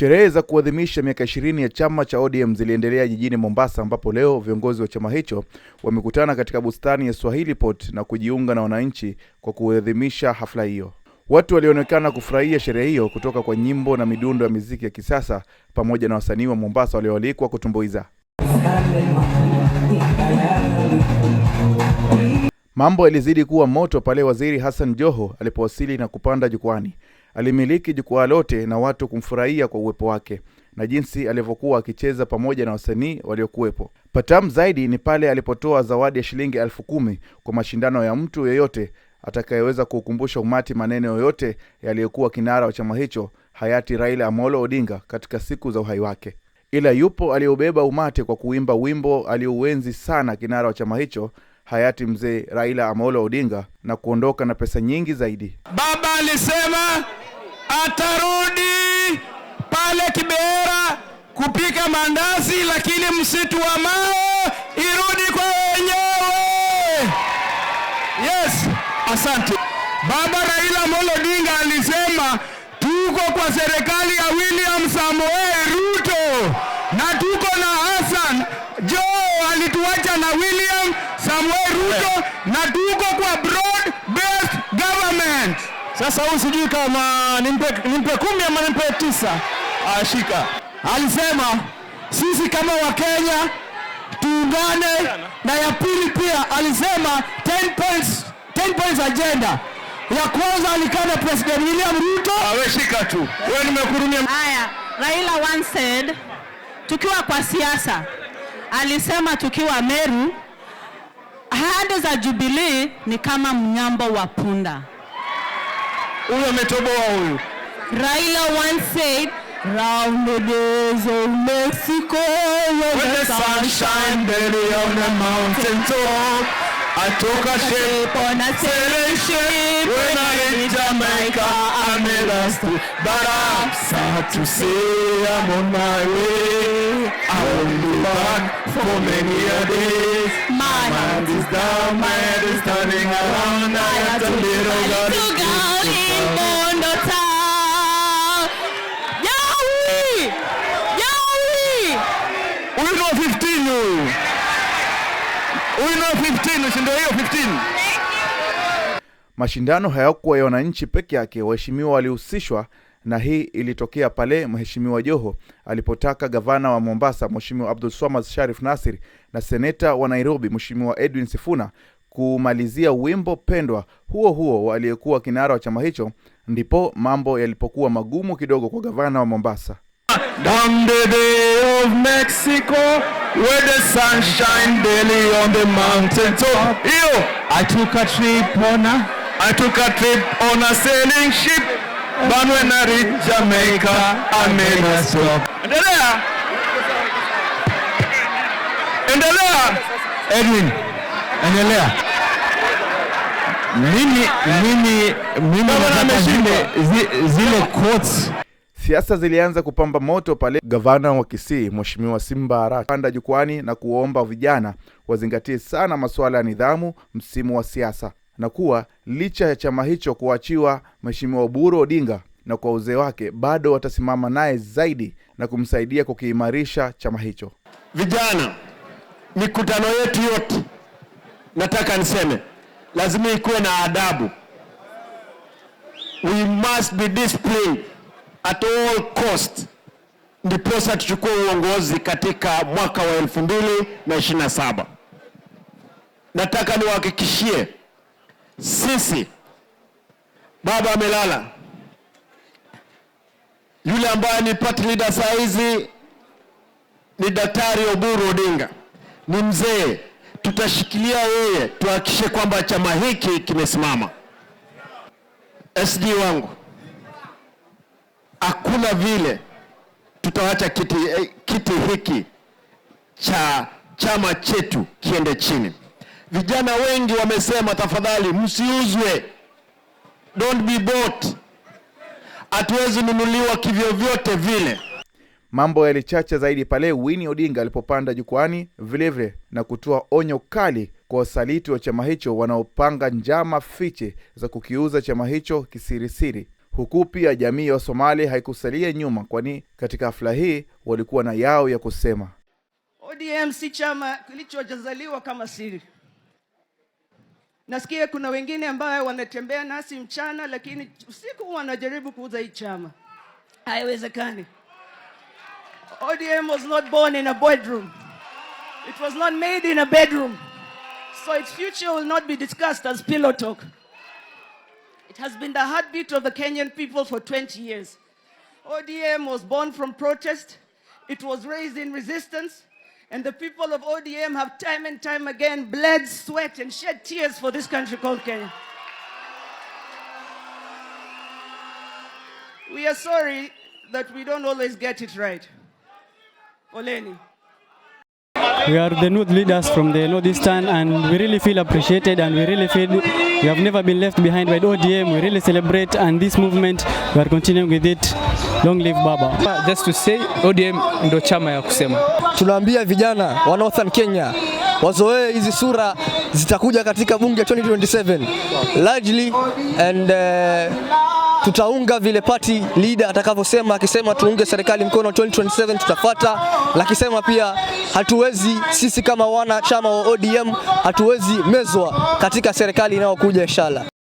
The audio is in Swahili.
Sherehe za kuadhimisha miaka ishirini ya chama cha ODM ziliendelea jijini Mombasa, ambapo leo viongozi wa chama hicho wamekutana katika bustani ya Swahili Port na kujiunga na wananchi kwa kuadhimisha hafla hiyo. Watu walionekana kufurahia sherehe hiyo kutoka kwa nyimbo na midundo ya miziki ya kisasa pamoja na wasanii wa Mombasa walioalikwa kutumbuiza. Mambo yalizidi kuwa moto pale Waziri Hassan Joho alipowasili na kupanda jukwani Alimiliki jukwaa lote na watu kumfurahia kwa uwepo wake na jinsi alivyokuwa akicheza pamoja na wasanii waliokuwepo. Patamu zaidi ni pale alipotoa zawadi ya shilingi elfu kumi kwa mashindano ya mtu yeyote atakayeweza kuukumbusha umati maneno yoyote yaliyokuwa kinara wa chama hicho hayati Raila Amolo Odinga katika siku za uhai wake. Ila yupo aliyeubeba umati kwa kuimba wimbo aliouenzi sana kinara wa chama hicho hayati mzee Raila Amolo Odinga na kuondoka na pesa nyingi zaidi. Baba alisema atarudi pale Kibera kupika mandazi, lakini msitu wa mawe irudi kwa wenyewe. Yes, asante baba. Raila Amolo Odinga alisema tuko kwa serikali ya William Samoei Ruto na tuko na Hassan Joho, alituacha na William Samoei Ruto eh. na tuko kwa bro sasa huyu sijui kama nimpe, nimpe kumi ama nimpe tisa. Ashika ah, alisema sisi kama Wakenya tuungane, na ya pili pia alisema 10 points, 10 points agenda ya kwanza alikana President William Ruto aweshika ah, tu. Wewe nimekurumia. Haya, Raila once said tukiwa kwa siasa, alisema tukiwa Meru, ahadi za Jubilee ni kama mnyambo wa punda. huyu ametoboa huyu. Raila once said round the days of Mexico when, when the, sun shine daily on the mountain top I took a ship on a sailing ship when I hit Jamaica I made a stop but I'm sad to say I'm on my way I won't be back for many a day. my, mind is down my head is turning around Huyu nao 15, si ndio hiyo 15. Mashindano hayakuwa ya wananchi peke yake, waheshimiwa walihusishwa na hii ilitokea pale Mheshimiwa Joho alipotaka gavana wa Mombasa Mheshimiwa Abdul Swamad Sharif Nasir na seneta wa Nairobi Mheshimiwa Edwin Sifuna kumalizia wimbo pendwa huo huo aliyekuwa kinara wa chama hicho, ndipo mambo yalipokuwa magumu kidogo kwa gavana wa Mombasa where the sun shine daily on the mountain top. I took a trip on a I took a trip on a sailing ship but when I reach Jamaica I made a stop. Endelea. Endelea. Edwin. Endelea. Mimi mimi mimi mimi, mimi, mimi, mimi Siasa zilianza kupamba moto pale gavana wa Kisii Mheshimiwa Simba Arati panda jukwani na kuomba vijana wazingatie sana masuala ya nidhamu msimu wa siasa, na kuwa licha ya chama hicho kuachiwa Mheshimiwa Oburu Odinga na kwa uzee wake bado watasimama naye zaidi na kumsaidia kukiimarisha chama hicho. Vijana, mikutano yetu yote, nataka niseme, lazima ikuwe na adabu. We must be disciplined at all cost, ndiposa tuchukue uongozi katika mwaka wa elfu mbili na ishirini na saba. Nataka niwahakikishie sisi, baba amelala, yule ambaye ni party leader saa hizi ni Daktari Oburu Odinga, ni mzee. Tutashikilia yeye, tuhakikishe kwamba chama hiki kimesimama. SD wangu hakuna vile tutaacha kiti, eh, kiti hiki cha chama chetu kiende chini. Vijana wengi wamesema, tafadhali msiuzwe, don't be bought, hatuwezi nunuliwa kivyovyote vile. Mambo yalichacha zaidi pale Winnie Odinga alipopanda jukwani vilevile na kutoa onyo kali kwa wasaliti wa chama hicho wanaopanga njama fiche za kukiuza chama hicho kisirisiri huku pia jamii ya Wasomali haikusalia nyuma, kwani katika hafla hii walikuwa na yao ya kusema. ODM si chama kilichojazaliwa kama siri. Nasikia kuna wengine ambayo wanatembea nasi mchana, lakini usiku wanajaribu kuuza hii chama. Haiwezekani. ODM was not born in a boardroom. It was not made in a bedroom. So its future will not be discussed as pillow talk. has been the heartbeat of the Kenyan people for 20 years. ODM was born from protest, it was raised in resistance, and the people of ODM have time and time again bled, sweat, and shed tears for this country called Kenya. We are sorry that we don't always get it right. Oleni. We are the new leaders from the northeastern, and we really feel appreciated, and we really feel we have never been left behind by the ODM. We really celebrate, and this movement we are continuing with it. Long live Baba. Just to say, ODM ndo chama ya kusema. Tunaambia vijana wa Northern Kenya wazoee hizi sura zitakuja katika bunge 2027 largely and uh, tutaunga vile party leader atakavyosema. Akisema tuunge serikali mkono 2027 tutafata, lakisema pia hatuwezi sisi kama wanachama wa ODM hatuwezi mezwa katika serikali inayokuja inshallah.